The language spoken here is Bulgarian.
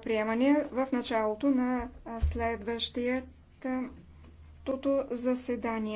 приемане в началото на следващия заседание.